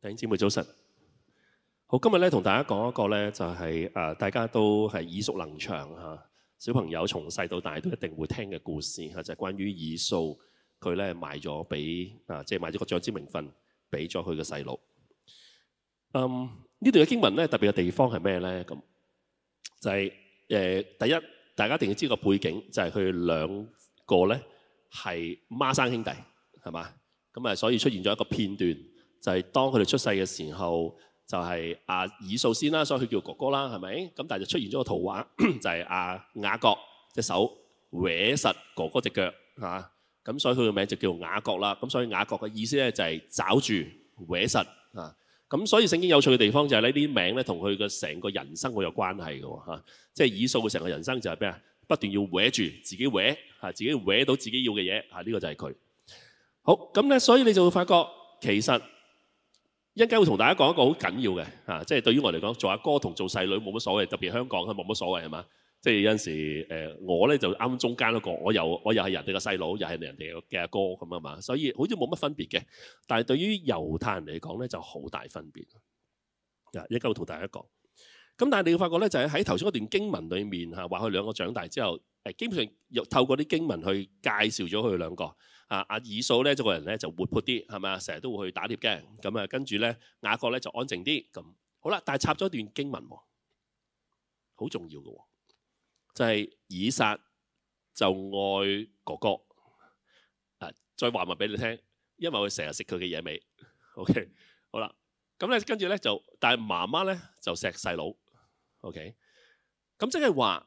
弟兄姊妹早晨，好！今日咧同大家講一個咧就係、是、誒、啊，大家都係耳熟能詳吓、啊，小朋友從細到大都一定會聽嘅故事吓、啊，就係、是、關於以掃。佢咧賣咗俾啊，即係賣咗個長子名分俾咗佢嘅細佬。嗯，呢度嘅經文咧特別嘅地方係咩咧？咁就係、是、誒、呃，第一大家一定要知個背景，就係、是、佢兩個咧係孖生兄弟，係嘛咁啊，所以出現咗一個片段。就係、是、當佢哋出世嘅時候，就係阿以掃先啦，所以佢叫哥哥啦，係咪咁？但係就出現咗個圖畫，就係、是、阿、啊、雅各隻手搲實哥哥隻腳啊，咁所以佢嘅名字就叫雅各啦。咁所以雅各嘅意思咧就係抓住搲實啊。咁所以聖經有趣嘅地方就係呢啲名咧，同佢嘅成個人生會有關係㗎喎，即係以掃嘅成個人生就係咩啊？不斷要搲住自己搲嚇，自己搲、啊、到自己要嘅嘢嚇，呢、啊這個就係佢好咁咧。那所以你就會發覺其實。一間會同大家講一個好緊要嘅啊，即係對於我嚟講，做阿哥同做細女冇乜所謂，特別香港係冇乜所謂係嘛？即係有陣時誒，我咧就啱中間嗰個，我又我又係人哋嘅細佬，又係人哋嘅阿哥咁啊嘛，所以好似冇乜分別嘅。但係對於猶太人嚟講咧，就好大分別。一間會同大家講，咁但係你要發覺咧，就喺喺頭先嗰段經文裡面嚇，話佢兩個長大之後，誒基本上又透過啲經文去介紹咗佢兩個。啊啊，以掃咧，做、這個人咧就活潑啲，係咪啊？成日都會去打獵嘅。咁、嗯、啊，跟住咧，雅各咧就安靜啲。咁好啦，但係插咗段經文喎、哦，好重要嘅喎、哦，就係、是、以撒就愛哥哥。啊，再話埋俾你聽，因為佢成日食佢嘅野味。OK，好啦，咁、嗯、咧跟住咧就，但係媽媽咧就錫細佬。OK，咁即係話。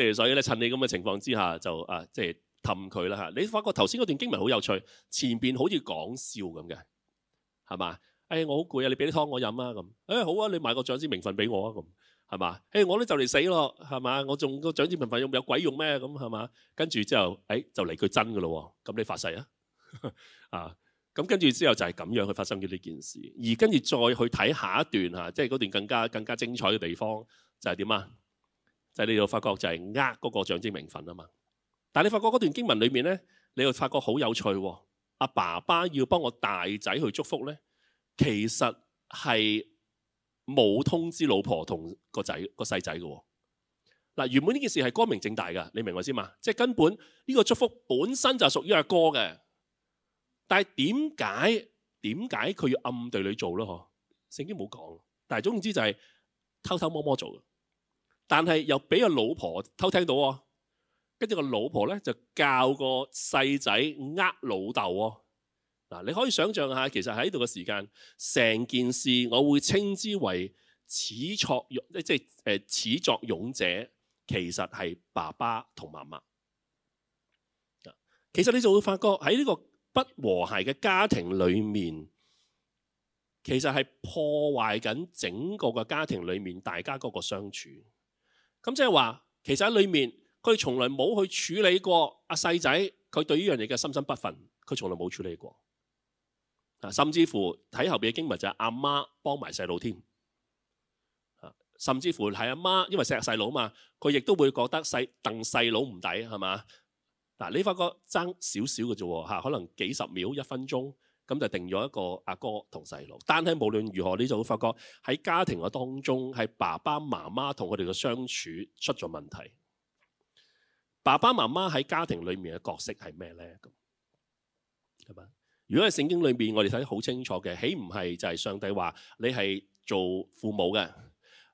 即所以咧，趁你咁嘅情況之下就、啊，就啊，即係氹佢啦嚇。你發覺頭先嗰段經文好有趣，前邊好講似講笑咁嘅，係嘛？誒、哎，我好攰啊，你俾啲湯我飲啊咁。誒、嗯哎，好啊，你買個長子名分俾我啊咁，係、嗯、嘛？誒、哎，我都就嚟死咯，係嘛？我仲個長子名分用有鬼用咩咁，係、嗯、嘛？跟住之後，誒、哎，就嚟佢真噶咯。咁你發誓 啊？啊，咁跟住之後就係咁樣去發生咗呢件事。而跟住再去睇下一段嚇，即係嗰段更加更加精彩嘅地方就係點啊？就係你又發覺就係呃嗰個長子名分啊嘛，但係你發覺嗰段經文裏面咧，你又發覺好有趣喎。阿爸爸要幫我大仔去祝福咧，其實係冇通知老婆同個仔個細仔嘅。嗱，原本呢件事係光明正大㗎，你明白先嘛？即係根本呢個祝福本身就係屬於阿哥嘅，但係點解點解佢要暗對你做咯？嗬？聖經冇講，但係總之就係偷偷摸摸做嘅。但係又俾個老婆偷聽到喎，跟住個老婆咧就教個細仔呃老豆喎。嗱，你可以想象下，其實喺度嘅時間，成件事我會稱之為始作俑，即係誒始作俑者，其實係爸爸同媽媽。其實你就會發覺喺呢個不和諧嘅家庭裏面，其實係破壞緊整個嘅家庭裏面大家嗰個相處。咁即係話，其實喺裏面佢從來冇去處理過阿細仔佢對呢樣嘢嘅深深不忿，佢從來冇處理過。啊，甚至乎睇後邊嘅經文就係阿媽幫埋細佬添，啊，甚至乎係阿媽，因為錫細佬嘛，佢亦都會覺得細鄧細佬唔抵，係嘛？嗱，你發覺爭少少嘅啫，吓，可能幾十秒、一分鐘。咁就定咗一個阿哥同細路，但係無論如何，你就會發覺喺家庭嘅當中，係爸爸媽媽同佢哋嘅相處出咗問題。爸爸媽媽喺家庭裏面嘅角色係咩呢？咁係嘛？如果喺聖經裏面，我哋睇得好清楚嘅，豈唔係就係上帝話你係做父母嘅，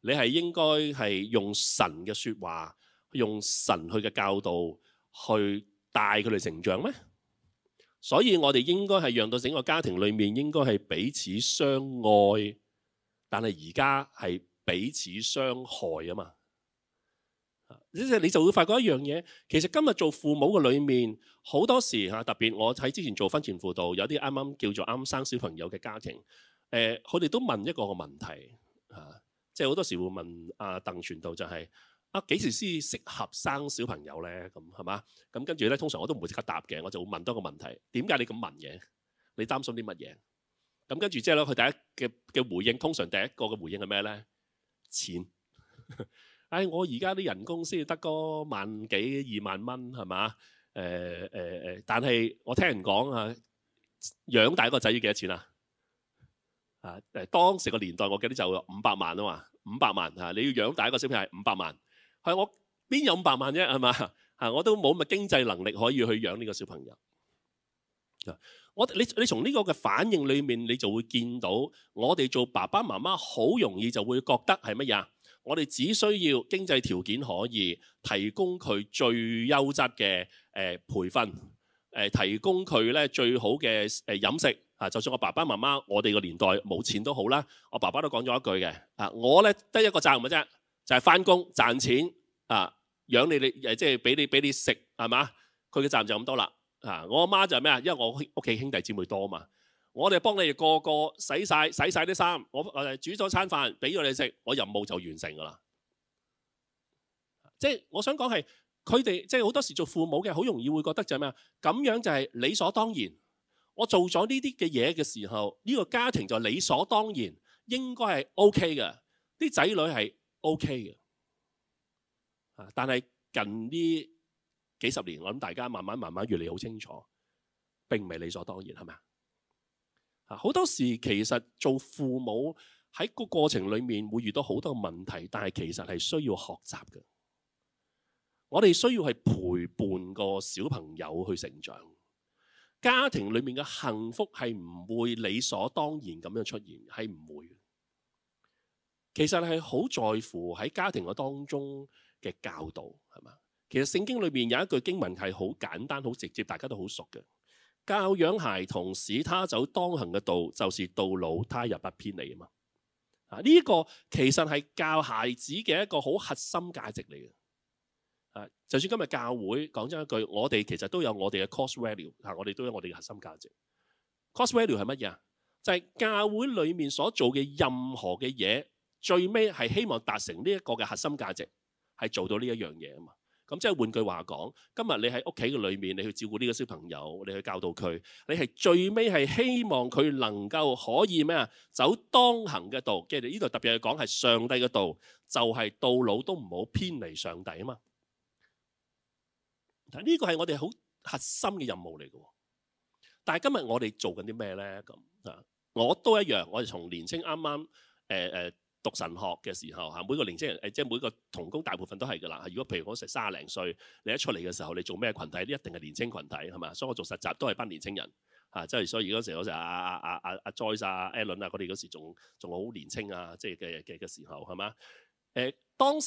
你係應該係用神嘅説話，用神去嘅教導去帶佢哋成長咩？所以我哋應該係讓到整個家庭裏面應該係彼此相愛，但係而家係彼此相害啊嘛。即你就會發覺一樣嘢，其實今日做父母嘅裏面好多時嚇，特別我喺之前做婚前輔導，有啲啱啱叫做啱生小朋友嘅家庭，呃，佢哋都問一個問題嚇、啊，即係好多時會問阿、啊、鄧傳道就係、是。啊！幾時先適合生小朋友咧？咁係嘛？咁跟住咧，通常我都唔會即刻答嘅，我就會問多一個問題：點解你咁問嘅？你擔心啲乜嘢？咁跟住之後咧。佢第一嘅嘅回應，通常第一個嘅回應係咩咧？錢唉、 哎！我而家啲人工先得嗰萬幾二萬蚊係嘛？誒誒誒，但係我聽人講啊，養大一個仔要幾多錢啊？啊誒，當時個年代我記得就五百萬啊嘛，五百萬嚇，你要養大一個小朋友五百萬。係，我邊有五百萬啫，係嘛？嚇，我都冇乜經濟能力可以去養呢個小朋友。我你你從呢個嘅反應裡面，你就會見到我哋做爸爸媽媽好容易就會覺得係乜嘢啊？我哋只需要經濟條件可以提供佢最優質嘅誒培訓，誒、呃、提供佢咧最好嘅誒飲食啊。就算我爸爸媽媽我哋個年代冇錢都好啦，我爸爸都講咗一句嘅啊，我咧得一個責任嘅啫。就係翻工賺錢啊，養你哋誒，即係俾你俾你食係嘛？佢嘅責任就咁多啦。啊，我阿媽就係咩啊？因為我屋企兄弟姊妹多啊嘛，我哋幫你哋個個洗晒洗曬啲衫，我我煮咗餐飯俾咗你食，我任務就完成噶啦、啊。即係我想講係佢哋，即係好多時候做父母嘅，好容易會覺得就係咩啊？咁樣就係理所當然。我做咗呢啲嘅嘢嘅時候，呢、這個家庭就理所當然應該係 OK 嘅。啲仔女係。O.K. 嘅，啊！但係近呢幾十年，我諗大家慢慢慢慢越嚟好清楚，並唔係理所當然，係咪啊？啊！好多時其實做父母喺個過程裡面會遇到好多問題，但係其實係需要學習嘅。我哋需要係陪伴個小朋友去成長。家庭裡面嘅幸福係唔會理所當然咁樣出現，係唔會嘅。其實係好在乎喺家庭嘅當中嘅教導，係嘛？其實聖經裏面有一句經文係好簡單、好直接，大家都好熟嘅。教養孩童使他走當行嘅道，就是到老，他日不偏離啊嘛。啊，呢個其實係教孩子嘅一個好核心價值嚟嘅。就算今日教會講真一句，我哋其實都有我哋嘅 core value，嚇，我哋都有我哋嘅核心價值。core value 係乜嘢啊？就係、是、教會裏面所做嘅任何嘅嘢。最尾係希望達成呢一個嘅核心價值，係做到呢一樣嘢啊嘛。咁即係換句話講，今日你喺屋企嘅裏面，你去照顧呢個小朋友，你去教導佢，你係最尾係希望佢能夠可以咩啊？走當行嘅道，即係呢度特別係講係上帝嘅道，就係到老都唔好偏離上帝啊嘛。呢個係我哋好核心嘅任務嚟㗎。但係今日我哋做緊啲咩咧？咁啊，我都一樣，我哋從年青啱啱誒誒。讀神學嘅時候嚇，每個年青人誒，即係每個童工大部分都係嘅啦。如果譬如我成三十零歲，你一出嚟嘅時候，你做咩群體都一定係年青群體係嘛？所以我做實習都係班年青人嚇，即係所以嗰時嗰時阿阿阿阿阿 Joyce 啊、Allen 啊，我哋嗰時仲仲好年青啊，即係嘅嘅嘅時候係嘛？誒、啊就是呃、當時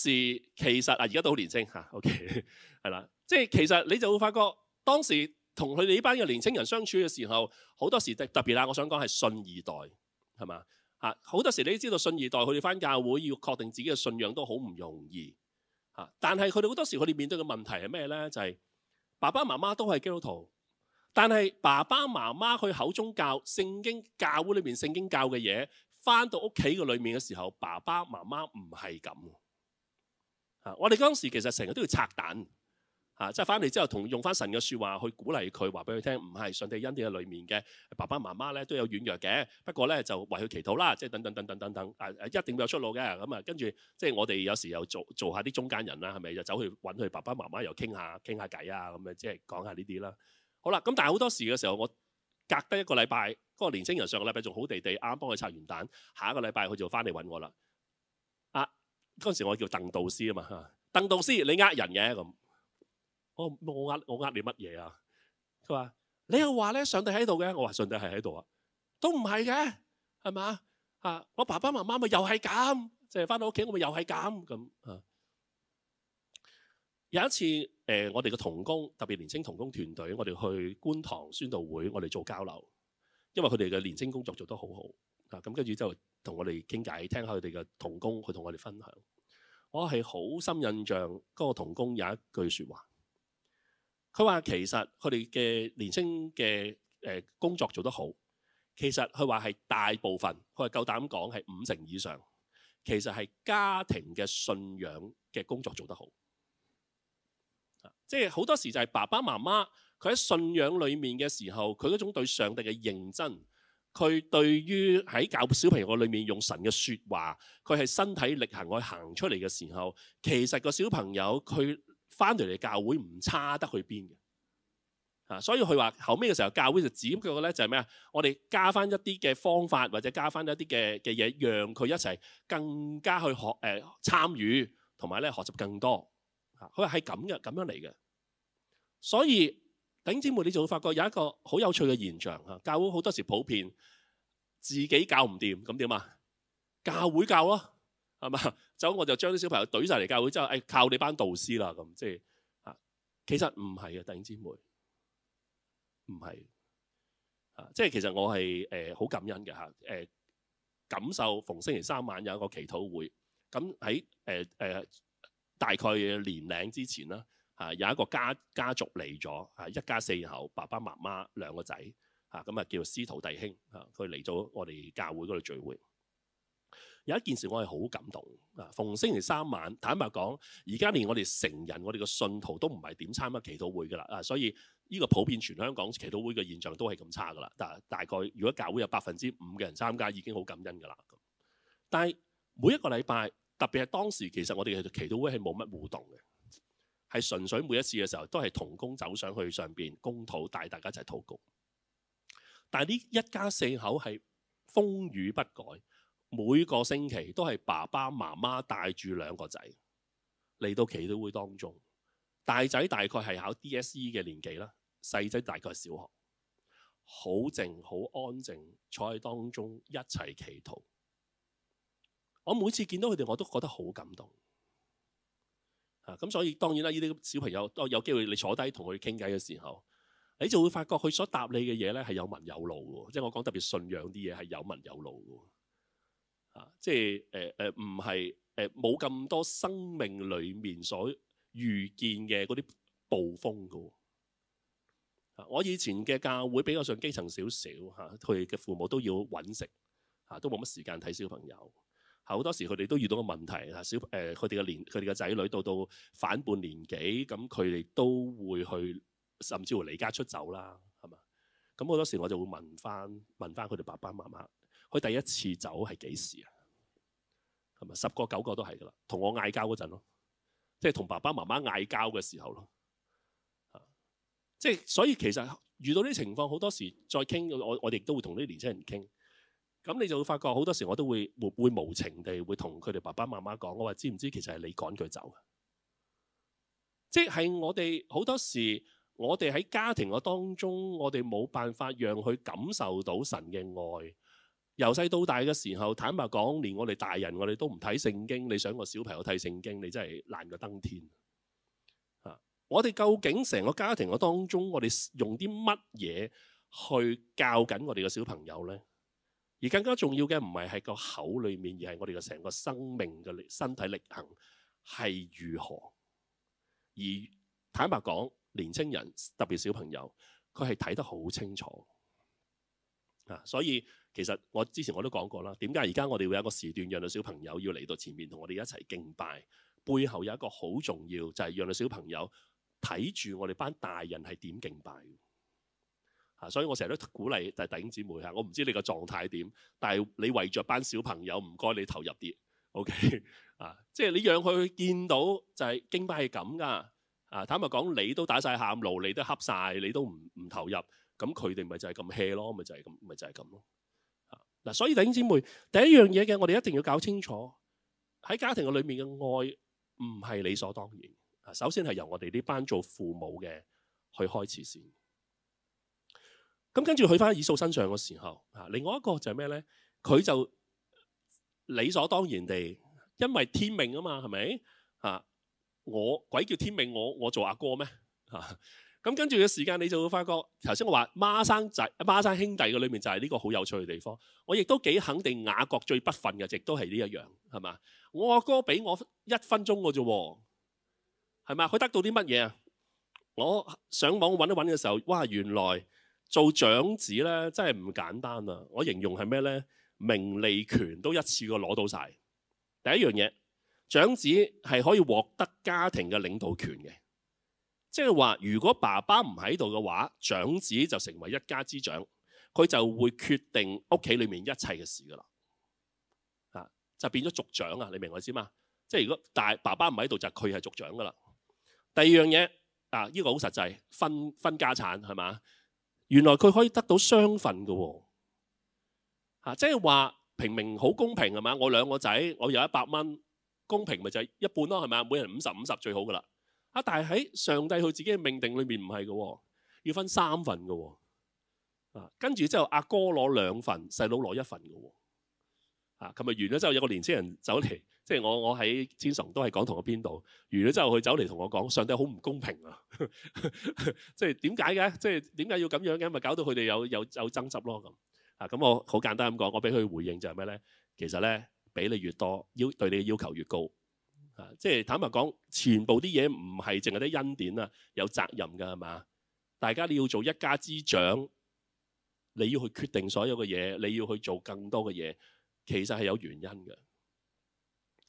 其實啊，而家都好年青嚇、啊，OK 係啦，即、就、係、是、其實你就會發覺當時同佢哋呢班嘅年青人相處嘅時候，好多時特特別啦，我想講係信二代係嘛？啊！好多時你都知道信二代去翻教會要確定自己嘅信仰都好唔容易嚇，但係佢哋好多時佢哋面對嘅問題係咩咧？就係爸爸媽媽都係基督徒，但係爸爸媽媽去口中教聖經教會裏面聖經教嘅嘢，翻到屋企嘅裏面嘅時候，爸爸媽媽唔係咁嚇。我哋嗰陣時其實成日都要拆彈。啊！即係翻嚟之後，同用翻神嘅説話去鼓勵佢，話俾佢聽，唔係上帝恩典裏面嘅爸爸媽媽咧都有軟弱嘅。不過咧就為佢祈禱啦，即係等等等等等等啊！一定會有出路嘅咁啊。跟住即係我哋有時又做做下啲中間人啦，係咪就走去揾佢爸爸媽媽又傾下傾下偈啊？咁、嗯、樣即係講下呢啲啦。好啦，咁但係好多時嘅時候，我隔得一個禮拜，嗰、那個年青人上個禮拜仲好地地，啱啱幫佢拆完蛋，下一個禮拜佢就翻嚟揾我啦。啊！嗰陣時我叫鄧導師啊嘛嚇，鄧導師你呃人嘅咁。我呃我呃你乜嘢啊？佢話你又話咧，上帝喺度嘅。我話上帝係喺度啊，都唔係嘅，係咪？我爸爸媽媽咪又係咁，即係翻到屋企我咪又係咁咁吓。有一次誒、呃，我哋嘅童工特別年輕童工團隊，我哋去觀塘宣道會，我哋做交流，因為佢哋嘅年輕工作做得好好啊。咁跟住之後同我哋傾偈，聽下佢哋嘅童工去同我哋分享。我係好深印象，嗰、嗰個童工有一句說話。佢話其實佢哋嘅年輕嘅誒工作做得好，其實佢話係大部分，佢話夠膽講係五成以上，其實係家庭嘅信仰嘅工作做得好。即係好多時就係爸爸媽媽佢喺信仰裏面嘅時候，佢嗰種對上帝嘅認真，佢對於喺教小朋友裏面用神嘅說話，佢係身體力行去行出嚟嘅時候，其實個小朋友佢。翻到嚟教會唔差得去邊嘅，啊，所以佢話後尾嘅時候，教會就指佢叫做咧，就係咩啊？我哋加翻一啲嘅方法，或者加翻一啲嘅嘅嘢，讓佢一齊更加去參與學誒參與，同埋咧學習更多。啊，佢話係咁嘅，咁樣嚟嘅。所以弟兄姊妹，你就會發覺有一個好有趣嘅現象啊！教會好多時普遍自己教唔掂，咁點啊？教會教咯。係嘛？就我就將啲小朋友懟晒嚟教會之後，誒、哎、靠你班導師啦咁，即係嚇。其實唔係嘅，弟兄姐妹，唔係嚇。即係其實我係誒好感恩嘅嚇。誒、呃、感受逢星期三晚有一個祈禱會，咁喺誒誒大概嘅年零之前啦嚇、啊，有一個家家族嚟咗嚇，一家四口，爸爸媽媽兩個仔嚇，咁啊叫做司徒弟兄嚇，佢、啊、嚟到我哋教會嗰度聚會。有一件事我係好感動啊！逢星期三晚，坦白講，而家連我哋成人，我哋嘅信徒都唔係點參加祈禱會㗎喇啊！所以呢個普遍全香港祈禱會嘅現象都係咁差㗎喇。但大概如果教會有百分之五嘅人參加，已經好感恩㗎喇。但係每一個禮拜，特別係當時，其實我哋嘅祈禱會係冇乜互動嘅，係純粹每一次嘅時候都係同工走上去上面公討帶大家一齊禱告。但係呢一家四口係風雨不改。每個星期都係爸爸媽媽帶住兩個仔嚟到祈禱會當中，大仔大概係考 DSE 嘅年紀啦，細仔大概係小學，好靜好安靜，安靜坐喺當中一齊祈禱。我每次見到佢哋，我都覺得好感動嚇。咁、啊、所以當然啦，呢啲小朋友都有機會你坐低同佢傾偈嘅時候，你就會發覺佢所答你嘅嘢咧係有文有路嘅，即係我講特別信仰啲嘢係有文有路嘅。即係誒誒，唔係誒，冇、呃、咁、呃、多生命裏面所遇見嘅嗰啲暴風噶。我以前嘅教會比較上基層少少吓，佢、啊、嘅父母都要揾食吓，都冇乜時間睇小朋友。好、啊、多時佢哋都遇到個問題，小誒佢哋嘅年佢哋嘅仔女到到反叛年紀，咁佢哋都會去甚至乎離家出走啦，係嘛？咁好多時候我就會問翻問翻佢哋爸爸媽媽。佢第一次走係幾時啊？係咪十個九個都係噶啦？同我嗌交嗰陣咯，即係同爸爸媽媽嗌交嘅時候咯。啊，即係所以其實遇到啲情況，好多時再傾，我我哋都會同啲年青人傾。咁你就會發覺好多時，我都會會會無情地會同佢哋爸爸媽媽講，我話知唔知？其實係你趕佢走嘅。即係我哋好多時，我哋喺家庭嘅當中，我哋冇辦法讓佢感受到神嘅愛。由細到大嘅時候，坦白講，連我哋大人我哋都唔睇聖經。你想個小朋友睇聖經，你真係難過登天啊！我哋究竟成個家庭嘅當中，我哋用啲乜嘢去教緊我哋嘅小朋友呢？而更加重要嘅唔係喺個口裏面，而係我哋嘅成個生命嘅身體力行係如何？而坦白講，年青人特別小朋友，佢係睇得好清楚啊！所以。其實我之前我都講過啦。點解而家我哋會有一個時段讓到小朋友要嚟到前面同我哋一齊敬拜？背後有一個好重要就係、是、讓到小朋友睇住我哋班大人係點敬拜啊。所以我成日都鼓勵就係弟兄姊妹吓，我唔知道唔知你個狀態點，但係你為著班小朋友唔該，你投入啲 OK 啊。即係你讓佢見到就係、是、敬拜係咁㗎啊。坦白講，你都打晒喊路，你都恰晒，你都唔唔投入咁，佢哋咪就係咁 hea 咯，咪就係咁，咪就係咁咯。嗱，所以弟兄姊妹，第一樣嘢嘅，我哋一定要搞清楚，喺家庭嘅裏面嘅愛唔係理所當然。啊，首先係由我哋呢班做父母嘅去開始先。咁跟住去返以掃身上嘅時候，啊，另外一個就係咩咧？佢就理所當然地，因為天命啊嘛，係咪？啊，我鬼叫天命我我做阿哥咩？啊？咁跟住嘅時間，你就會發覺頭先我話孖生仔、孖生兄弟嘅裏面就係呢個好有趣嘅地方。我亦都幾肯定雅各最不忿嘅，亦都係呢一樣，係嘛？我阿哥俾我一分鐘㗎啫喎，係嘛？佢得到啲乜嘢啊？我上網揾一揾嘅時候，哇！原來做長子咧真係唔簡單啊！我形容係咩咧？名利權都一次過攞到晒。第一樣嘢，長子係可以獲得家庭嘅領導權嘅。即係話，如果爸爸唔喺度嘅話，長子就成為一家之長，佢就會決定屋企裏面一切嘅事噶啦。啊，就變咗族長啊！你明我意思嘛？即係如果但係爸爸唔喺度，就佢係族長噶啦。第二樣嘢啊，呢個好實際，分分家產係嘛？原來佢可以得到雙份噶喎。吓，即係話平明好公平係嘛？我兩個仔，我有一百蚊，公平咪就係一半咯，係嘛？每人五十五十最好噶啦。但係喺上帝佢自己嘅命定裏面唔係噶，要分三份噶喎。啊，跟住之後阿哥攞兩份，細佬攞一份噶喎。啊，咁咪完咗之後，有個年輕人走嚟，即係我我喺千神都係講同我邊度完咗之後，佢走嚟同我講：上帝好唔公平啊！即係點解嘅？即係點解要咁樣嘅？咪搞到佢哋有有有爭執咯咁。啊，咁我好簡單咁講，我俾佢回應就係咩咧？其實咧，俾你越多，要對你嘅要求越高。即係坦白講，全部啲嘢唔係淨係啲恩典啊，有責任㗎嘛？大家你要做一家之長，你要去決定所有嘅嘢，你要去做更多嘅嘢，其實係有原因嘅。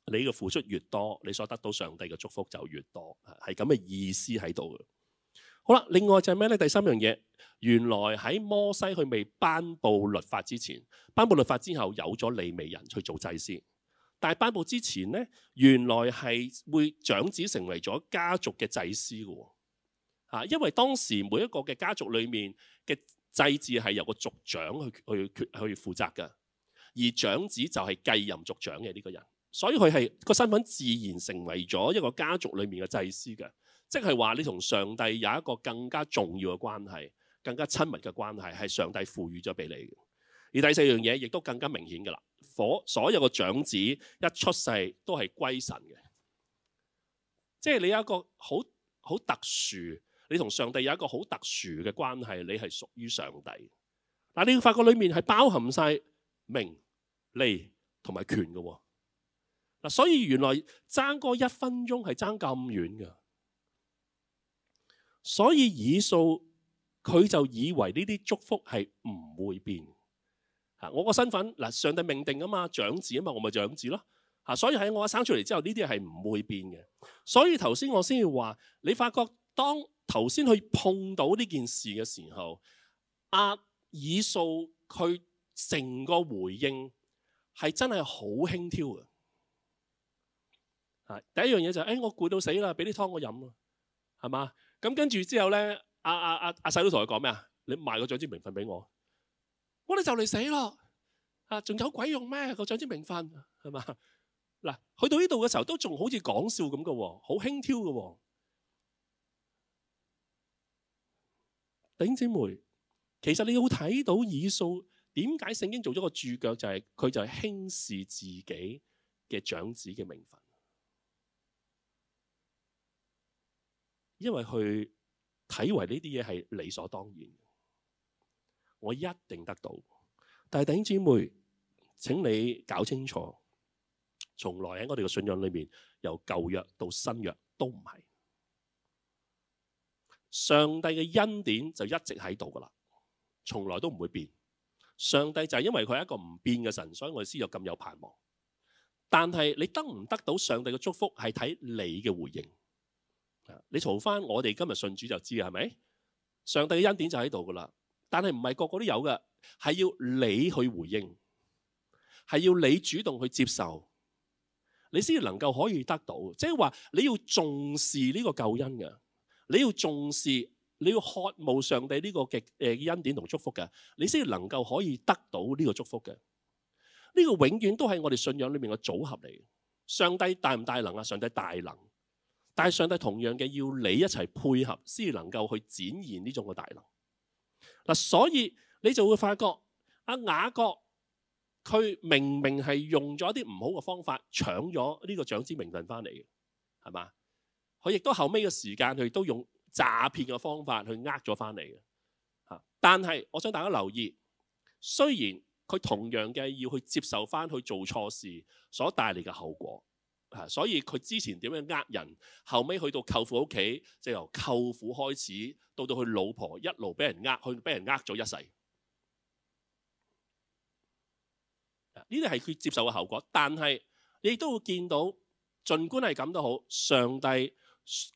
你嘅付出越多，你所得到上帝嘅祝福就越多，係咁嘅意思喺度嘅。好啦，另外就係咩咧？第三樣嘢，原來喺摩西佢未頒布律法之前，頒布律法之後有咗利未人去做祭司。但係頒布之前呢，原來係會長子成為咗家族嘅祭司噶吓，因為當時每一個嘅家族裏面嘅祭祀係由個族長去去去負責噶而長子就係繼任族長嘅呢個人，所以佢係個身份自然成為咗一個家族裏面嘅祭司嘅，即係話你同上帝有一個更加重要嘅關係，更加親密嘅關係，係上帝賦予咗俾你嘅。而第四樣嘢亦都更加明顯噶啦。所有嘅長子一出世都係歸神嘅，即係你有一個好好特殊，你同上帝有一個好特殊嘅關係，你係屬於上帝。嗱，你要發覺裏面係包含晒名利同埋權㗎喎。嗱，所以原來爭嗰一分鐘係爭咁遠㗎，所以以掃佢就以為呢啲祝福係唔會變。啊！我個身份嗱，上帝命定啊嘛，長子啊嘛，我咪長子咯。嚇，所以喺我生出嚟之後，呢啲嘢係唔會變嘅。所以頭先我先要話，你發覺當頭先去碰到呢件事嘅時候，阿以掃佢成個回應係真係好輕佻嘅。嚇，第一樣嘢就係、是，哎，我攰到死啦，俾啲湯我飲咯，係嘛？咁、啊啊啊啊、跟住之後咧，阿阿阿阿細佬同佢講咩啊？你賣個長子名分俾我。我你就嚟死咯！啊，仲有鬼用咩？個長子名分係嘛？嗱，去到呢度嘅時候都仲好似講笑咁嘅，好輕佻嘅、哦。弟兄姊妹，其實你有睇到以掃點解聖經做咗個注腳、就是，他就係佢就係輕視自己嘅長子嘅名分，因為佢睇為呢啲嘢係理所當然。我一定得到，但係弟兄姊妹，請你搞清楚，從來喺我哋嘅信仰裏面，由舊約到新約都唔係上帝嘅恩典就一直喺度噶啦，從來都唔會變。上帝就係因為佢係一個唔變嘅神，所以我哋先有咁有盼望。但係你得唔得到上帝嘅祝福，係睇你嘅回應。你嘈翻我哋今日信主就知啦，係咪？上帝嘅恩典就喺度噶啦。但係唔係個個都有嘅，係要你去回應，係要你主動去接受，你先至能夠可以得到。即係話你要重視呢個救恩嘅，你要重視你要渴慕上帝呢個誒恩典同祝福嘅，你先至能夠可以得到呢個祝福嘅。呢個永遠都係我哋信仰裏面嘅組合嚟。上帝大唔大能啊？上帝大能，但係上帝同樣嘅要你一齊配合，先至能夠去展現呢種嘅大能。嗱，所以你就會發覺阿雅各佢明明係用咗啲唔好嘅方法搶咗呢個長子名份翻嚟嘅，係嘛？佢亦都後尾嘅時間佢都用詐騙嘅方法去呃咗翻嚟嘅。嚇！但係我想大家留意，雖然佢同樣嘅要去接受翻去做錯事所帶嚟嘅後果。啊！所以佢之前點樣呃人，後尾去到舅父屋企，就由舅父開始，到到佢老婆一路俾人呃，佢俾人呃咗一世。呢啲係佢接受嘅後果。但係你亦都會見到，儘管係咁都好，上帝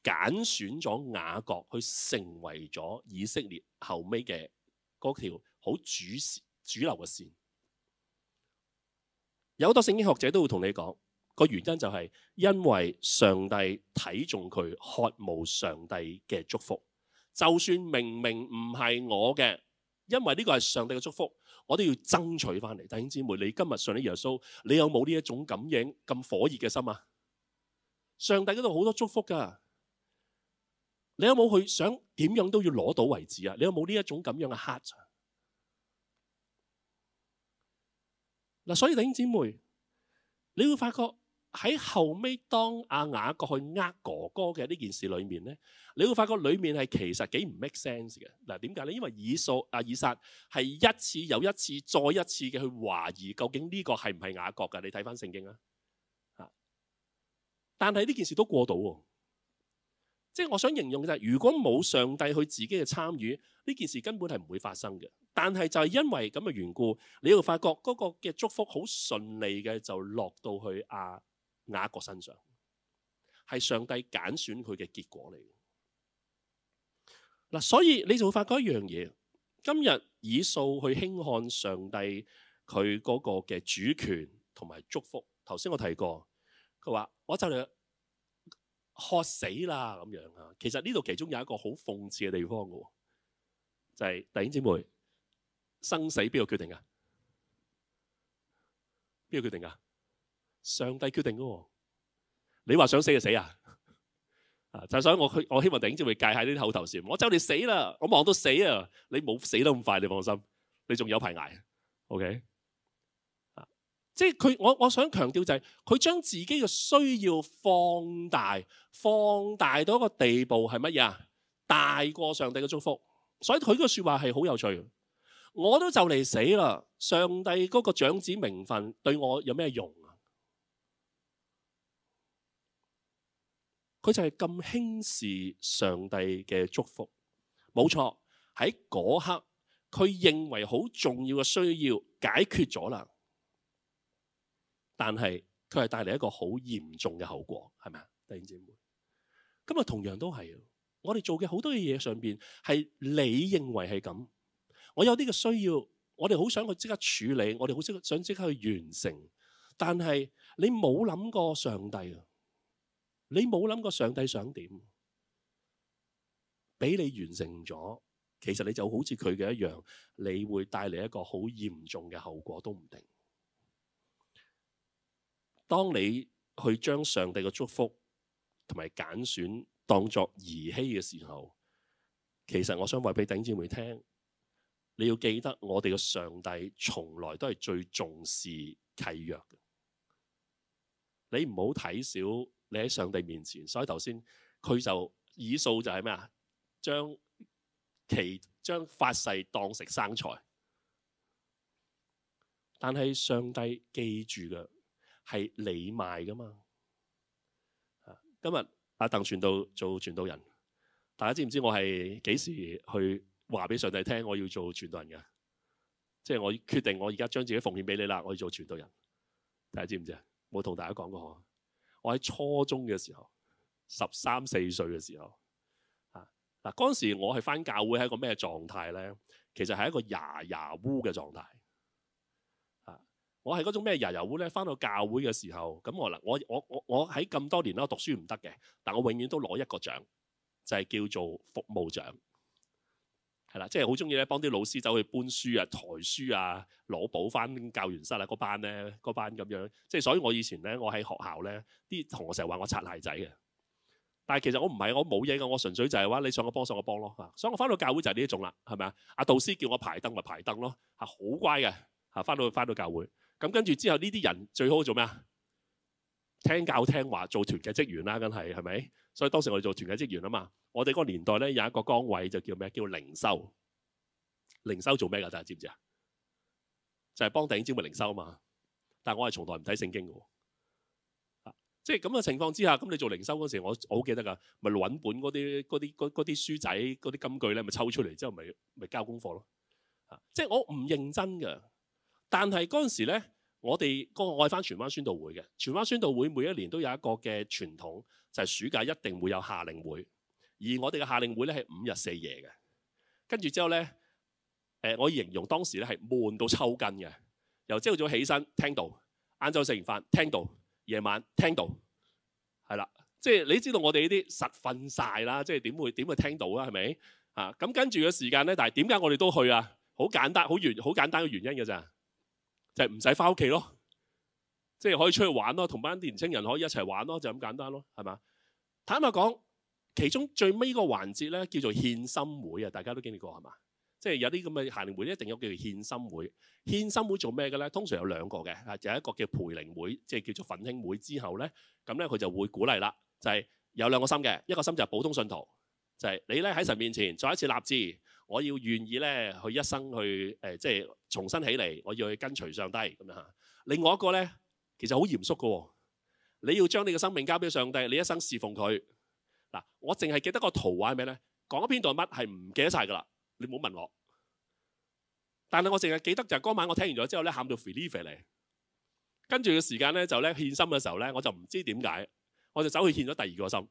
揀選咗雅各去成為咗以色列後尾嘅嗰條好主主流嘅線。有好多聖經學者都會同你講。個原因就係因為上帝睇中佢渴慕上帝嘅祝福，就算明明唔係我嘅，因為呢個係上帝嘅祝福，我都要爭取翻嚟。弟兄姊妹，你今日上帝耶穌，你有冇呢一種感應咁火熱嘅心啊？上帝嗰度好多祝福噶，你有冇去想點樣都要攞到為止啊？你有冇呢一種咁樣嘅 heart？嗱，所以弟兄姊妹，你會發覺。喺後尾，當阿雅各去呃哥哥嘅呢件事裏面咧，你會發覺裏面係其實幾唔 make sense 嘅。嗱，點解咧？因為以掃阿以撒係一次又一次、再一次嘅去懷疑，究竟呢個係唔係雅各㗎？你睇翻聖經啦。嚇！但係呢件事都過到喎，即係我想形容嘅就係，如果冇上帝佢自己嘅參與，呢件事根本係唔會發生嘅。但係就係因為咁嘅緣故，你會發覺嗰個嘅祝福好順利嘅就落到去啊。雅各身上係上帝揀選佢嘅結果嚟嘅。嗱，所以你就會發覺一樣嘢，今日以掃去輕看上帝佢嗰個嘅主權同埋祝福。頭先我提過，佢話我就嚟渴死啦咁樣啊，其實呢度其中有一個好諷刺嘅地方嘅，就係、是、弟兄姊妹，生死邊個決定啊？邊個決定啊？上帝決定㗎喎，你話想死就死啊！啊， 就所以，我佢我希望頂住會戒下呢啲口頭禪。我就嚟死啦，我望到死啊！你冇死得咁快，你放心，你仲有排捱。OK 啊，即係佢我我想強調就係佢將自己嘅需要放大，放大到一個地步係乜嘢啊？大過上帝嘅祝福，所以佢嗰個說話係好有趣。我都就嚟死啦，上帝嗰個長子名分對我有咩用？佢就係咁輕視上帝嘅祝福，冇錯。喺嗰刻，佢認為好重要嘅需要解決咗啦，但係佢係帶嚟一個好嚴重嘅後果，係咪啊，弟兄姐妹？今日同樣都係，我哋做嘅好多嘢上邊係你認為係咁，我有啲嘅需要，我哋好想佢即刻處理，我哋好想即刻去完成，但係你冇諗過上帝啊！你冇諗過上帝想點，俾你完成咗，其實你就好似佢嘅一樣，你會帶嚟一個好嚴重嘅後果都唔定。當你去將上帝嘅祝福同埋揀選當作兒戲嘅時候，其實我想話俾頂姐妹聽，你要記得我哋嘅上帝從來都係最重視契約嘅，你唔好睇小。你喺上帝面前，所以頭先佢就以掃就係咩啊？將其將發誓當成生財，但係上帝記住嘅係你賣噶嘛？今日阿鄧傳道做傳道人，大家知唔知我係幾時去話俾上帝聽我要做傳道人嘅？即係我決定我而家將自己奉獻俾你啦，我要做傳道人。大家知唔知啊？冇同大家講過。我喺初中嘅時候，十三四歲嘅時候，啊嗱，嗰陣時我係翻教會係一個咩狀態咧？其實係一個牙牙烏嘅狀態。啊，我係嗰種咩牙牙烏咧？翻到教會嘅時候，咁我啦，我我我我喺咁多年啦，讀書唔得嘅，但我永遠都攞一個獎，就係、是、叫做服務獎。係啦，即係好中意咧，幫啲老師走去搬書啊、抬書啊、攞簿翻教員室啊嗰班咧，嗰班咁樣，即係所以我以前咧，我喺學校咧，啲同學成日話我擦鞋仔嘅，但係其實我唔係，我冇嘢嘅，我純粹就係話你想我幫，想我幫咯嚇。所以我翻到教會就係呢一種啦，係咪啊？阿導師叫我排燈咪排燈咯，嚇，好乖嘅嚇。翻到翻到教會，咁跟住之後呢啲人最好做咩啊？聽教聽話做團嘅職員啦，梗係係咪？所以當時我哋做團契職員啊嘛，我哋嗰個年代咧有一個崗位就叫咩？叫靈修。靈修做咩㗎？大家知唔知啊？就係幫弟兄姊妹靈修啊嘛。但係我係從來唔睇聖經嘅喎。啊。即係咁嘅情況之下，咁你做靈修嗰時候，我我好記得㗎，咪揾本嗰啲嗰啲啲書仔嗰啲金句咧，咪抽出嚟之後，咪咪交功課咯。啊，即係我唔認真㗎，但係嗰陣時咧。我哋嗰個愛翻荃灣宣道會嘅，荃灣宣道會每一年都有一個嘅傳統，就係暑假一定會有夏令會，而我哋嘅夏令會咧係五日四夜嘅。跟住之後咧，誒我形容當時咧係悶到抽筋嘅，由朝早起身聽到，晏晝食完飯聽到，夜晚聽到，係啦，即係你知道我哋呢啲實瞓晒啦，即係點會點會聽到啦，係咪啊？咁跟住嘅時間咧，但係點解我哋都去啊？好簡單，好原好簡單嘅原因嘅咋。就唔使翻屋企咯，即係可以出去玩咯，同班啲年青人可以一齊玩咯，就咁簡單咯，係嘛？坦白講，其中最尾個環節咧叫做獻心會啊，大家都經歷過係嘛？即係有啲咁嘅夏令會，一定要叫做獻心會。獻心會做咩嘅咧？通常有兩個嘅，啊，有一個叫培靈會，即係叫做奮興會之後咧，咁咧佢就會鼓勵啦，就係有兩個心嘅，一個心就係普通信徒，就係你咧喺神面前再一次立志。我要願意咧去一生去誒，即係重新起嚟，我要去跟隨上帝咁樣吓。另外一個咧，其實好嚴肅嘅喎，你要將你嘅生命交俾上帝，你一生侍奉佢。嗱，我淨係記得個圖畫係咩咧？講咗邊度乜係唔記得晒㗎啦。你唔好問我。但係我淨係記得就係嗰晚我聽完咗之後咧，喊到肥嚟。跟住嘅時間咧就咧獻心嘅時候咧，我就唔知點解，我就走去獻咗第二個心。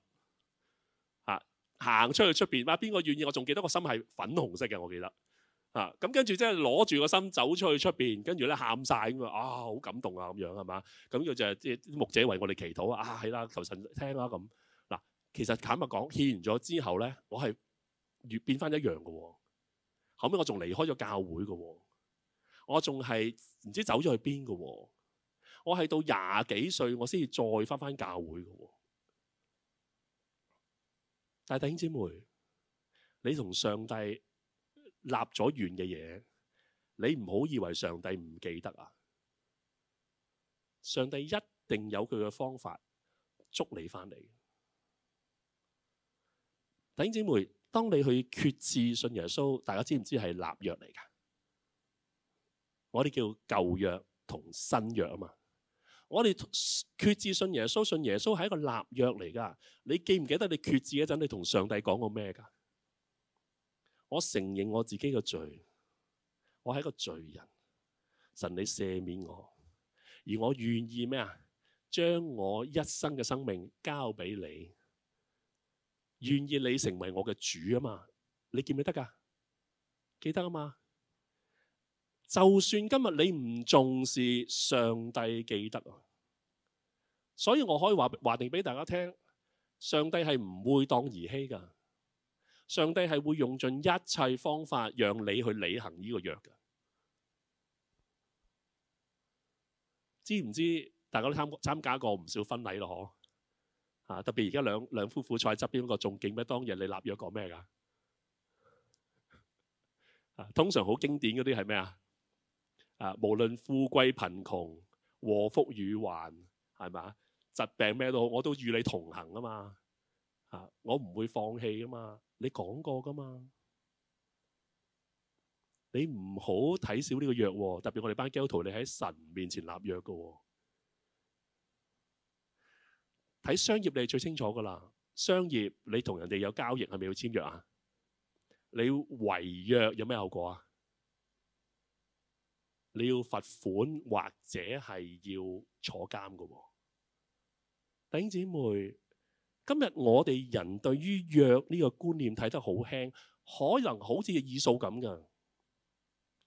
行出去出邊，哇！邊個願意？我仲記得個心係粉紅色嘅，我記得啊。咁跟住即係攞住個心走出去出邊，跟住咧喊晒。咁啊！好感動啊！咁樣係嘛？咁佢就即、係、係牧者為我哋祈禱啊！係啦，求神聽啦、啊、咁。嗱、啊，其實坦白講，獻完咗之後咧，我係越變翻一樣嘅、哦。後尾我仲離開咗教會嘅、哦，我仲係唔知走咗去邊嘅、哦。我係到廿幾歲，我先至再翻翻教會嘅、哦。但係弟兄姊妹，你同上帝立咗願嘅嘢，你唔好以為上帝唔記得啊！上帝一定有佢嘅方法捉你翻嚟。弟兄姊妹，當你去決志信耶穌，大家知唔知係立約嚟㗎？我哋叫舊約同新約啊嘛。我哋決志信耶穌，信耶穌係一個立約嚟噶。你記唔記得你決志嗰陣，你同上帝講過咩噶？我承認我自己嘅罪，我係一個罪人。神，你赦免我，而我願意咩啊？將我一生嘅生命交俾你，願意你成為我嘅主啊嘛？你記唔記得噶？記得啊嘛？就算今日你唔重視上帝，記得啊，所以我可以話話定俾大家聽，上帝係唔會當兒戲㗎。上帝係會用盡一切方法讓你去履行呢個約㗎。知唔知，大家都參參加過唔少婚禮咯？嚇，特別而家兩兩夫婦坐喺側邊嗰個，仲記唔記得當日你立約講咩㗎？啊，通常好經典嗰啲係咩啊？啊，無論富貴貧窮、禍福與患，係嘛？疾病咩都好，我都與你同行啊嘛！啊，我唔會放棄噶嘛，你講過噶嘛？你唔好睇少呢個約喎，哦，特別我哋班基督徒，你喺神面前立約噶喎。睇商業你最清楚噶啦，商業你同人哋有交易係咪要簽約啊？你違約有咩後果啊？你要罰款或者係要坐監㗎喎，弟兄姐妹。今日我哋人對於約呢個觀念睇得好輕，可能好似個意數咁㗎，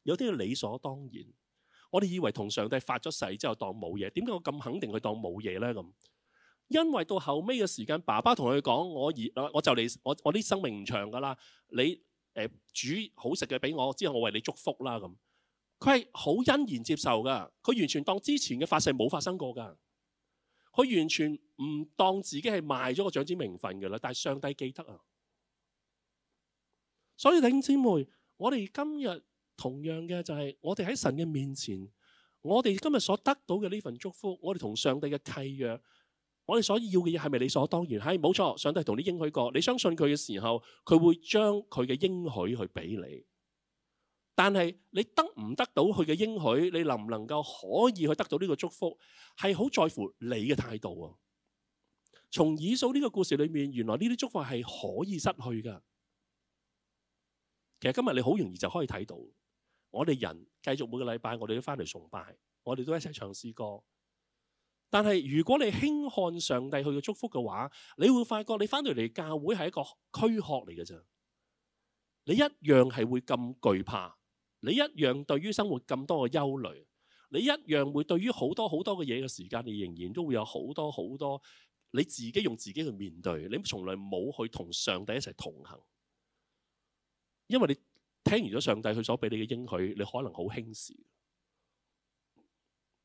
有啲係理所當然。我哋以為同上帝發咗誓之後當冇嘢，點解我咁肯定佢當冇嘢咧？咁，因為到後尾嘅時間，爸爸同佢講：我而我就嚟我我啲生命唔長㗎啦，你誒煮好食嘅俾我，之後我為你祝福啦咁。佢係好欣然接受噶，佢完全當之前嘅發誓冇發生過噶，佢完全唔當自己係賣咗個長子名份噶啦。但係上帝記得啊，所以弟兄姊妹，我哋今日同樣嘅就係我哋喺神嘅面前，我哋今日所得到嘅呢份祝福，我哋同上帝嘅契約，我哋所要嘅嘢係咪理所當然？係冇錯，上帝同你應許過，你相信佢嘅時候，佢會將佢嘅應許去俾你。但係你得唔得到佢嘅應許，你能唔能夠可以去得到呢個祝福，係好在乎你嘅態度啊！從以掃呢個故事裏面，原來呢啲祝福係可以失去㗎。其實今日你好容易就可以睇到，我哋人繼續每個禮拜，我哋都翻嚟崇拜，我哋都一齊唱詩歌。但係如果你輕看上帝佢嘅祝福嘅話，你會發覺你翻到嚟教會係一個軀殼嚟嘅咋，你一樣係會咁懼怕。你一樣對於生活咁多嘅憂慮，你一樣會對於好多好多嘅嘢嘅時間，你仍然都會有好多好多你自己用自己去面對，你從來冇去同上帝一齊同行，因為你聽完咗上帝佢所俾你嘅應許，你可能好輕視，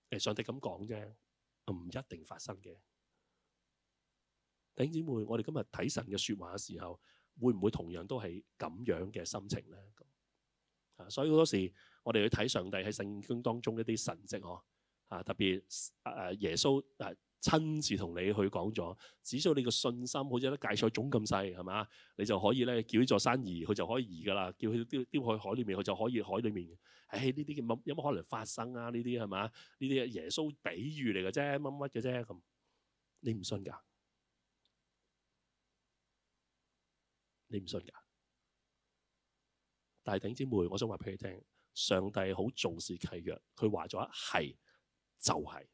誒上帝咁講啫，唔一定發生嘅。弟兄姊妹，我哋今日睇神嘅説話嘅時候，會唔會同樣都係咁樣嘅心情咧？所以好多時，我哋去睇上帝喺聖經當中嘅一啲神跡呵，啊特別誒耶穌誒親自同你去講咗，只需要你個信心好似粒芥菜種咁細，係嘛？你就可以咧叫呢座山移，佢就可以移噶啦；叫佢丟丟去海裡面，佢就可以海裡面。唉、哎，呢啲咁有冇可能發生啊？呢啲係嘛？呢啲耶穌比喻嚟嘅啫，乜乜嘅啫咁。你唔信㗎？你唔信㗎？但弟兄姊妹，我想話俾你聽，上帝好重視契約，佢話咗一係就係。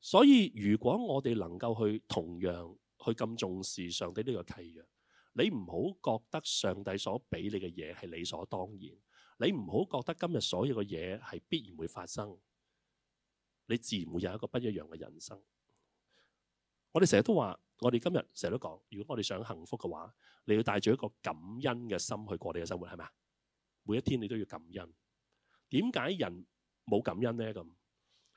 所以如果我哋能夠去同樣去咁重視上帝呢個契約，你唔好覺得上帝所俾你嘅嘢係理所當然，你唔好覺得今日所有嘅嘢係必然會發生，你自然會有一個不一樣嘅人生。我哋成日都話。我哋今日成日都講，如果我哋想幸福嘅話，你要帶住一個感恩嘅心去過你嘅生活，係咪啊？每一天你都要感恩。點解人冇感恩咧？咁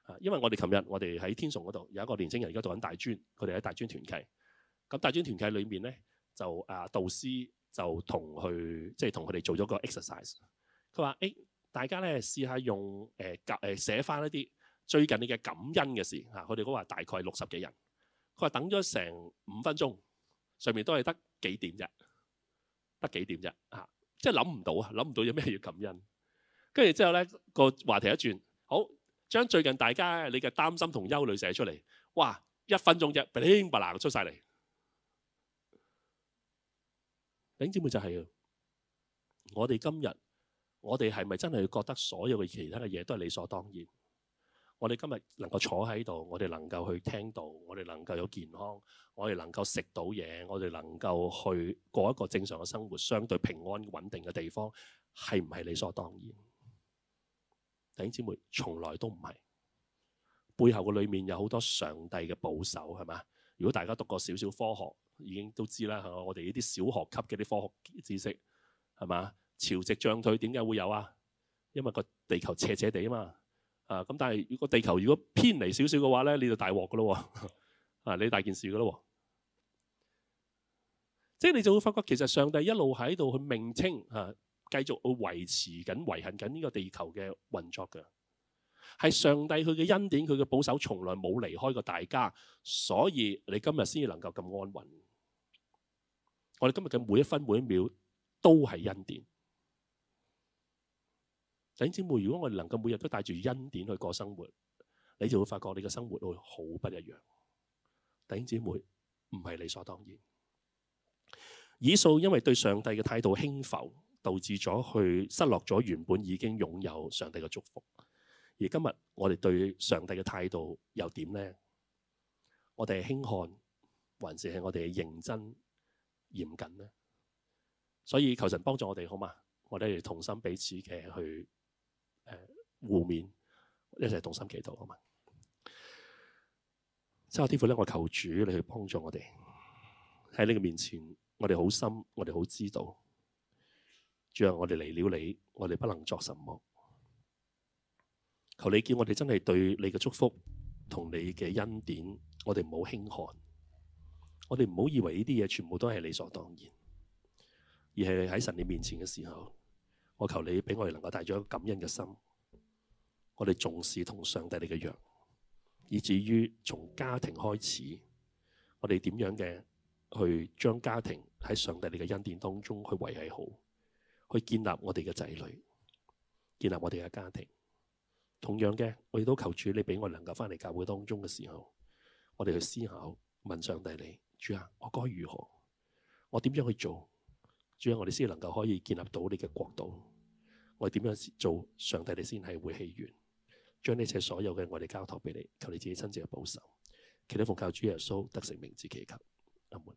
啊，因為我哋琴日我哋喺天崇嗰度有一個年輕人而家讀緊大專，佢哋喺大專團契。咁大專團契裏面咧就啊導師就同佢，即係同佢哋做咗個 exercise。佢、欸、話：誒大家咧試下用誒夾誒寫翻一啲最近你嘅感恩嘅事啊！佢哋嗰話大概六十幾人。佢話等咗成五分鐘，上面都係得幾點啫，得幾點啫啊！即係諗唔到啊，諗唔到有咩要感恩。跟住之後咧，個話題一轉，好，將最近大家你嘅擔心同憂慮寫出嚟。哇，一分鐘啫，噼里啪啦出晒嚟。頂姊妹就係，我哋今日，我哋係咪真係覺得所有嘅其他嘅嘢都係理所當然？我哋今日能夠坐喺度，我哋能夠去聽到，我哋能夠有健康，我哋能夠食到嘢，我哋能夠去過一個正常嘅生活，相對平安穩定嘅地方，係唔係理所當然？弟兄姊妹，從來都唔係。背後嘅裏面有好多上帝嘅保守，係嘛？如果大家讀過少少科學，已經都知啦。係我哋呢啲小學級嘅啲科學知識，係嘛？潮汐漲退點解會有啊？因為個地球斜斜地啊嘛。啊，咁但係如果地球如果偏離少少嘅話咧，你就大鑊噶咯喎，啊你大件事噶咯喎，即係你就會發覺其實上帝一路喺度去命清吓、啊，繼續去維持緊、維衡緊呢個地球嘅運作嘅，係上帝佢嘅恩典、佢嘅保守，從來冇離開過大家，所以你今日先至能夠咁安穩。我哋今日嘅每一分每一秒都係恩典。弟兄姊妹，如果我哋能夠每日都帶住恩典去過生活，你就會發覺你嘅生活會好不一樣。弟兄姊妹，唔係理所當然。以掃因為對上帝嘅態度輕浮，導致咗去失落咗原本已經擁有上帝嘅祝福。而今日我哋對上帝嘅態度又點呢？我哋係輕看，還是係我哋認真嚴謹呢？所以求神幫助我哋好嘛？我哋同心彼此嘅去。誒、呃，互勉一齊同心祈禱啊嘛！真係天父咧，我求主你去幫助我哋喺你嘅面前，我哋好心，我哋好知道。最後我哋離了你，我哋不能作什麼。求你叫我哋真係對你嘅祝福同你嘅恩典，我哋唔好輕看，我哋唔好以為呢啲嘢全部都係理所當然，而係喺神你面前嘅時候。我求你俾我哋能夠帶咗一個感恩嘅心，我哋重視同上帝你嘅約，以至於從家庭開始，我哋點樣嘅去將家庭喺上帝你嘅恩典當中去維繫好，去建立我哋嘅仔女，建立我哋嘅家庭。同樣嘅，我哋都求主你俾我能夠翻嚟教會當中嘅時候，我哋去思考問上帝你，主啊，我該如何，我點樣去做？主啊，我哋先能夠可以建立到你嘅國度，我哋點樣做，上帝你先係會喜悅，將呢一切所有嘅我哋交託俾你，求你自己親自保守，求你奉靠主耶穌得勝名字祈求，阿門。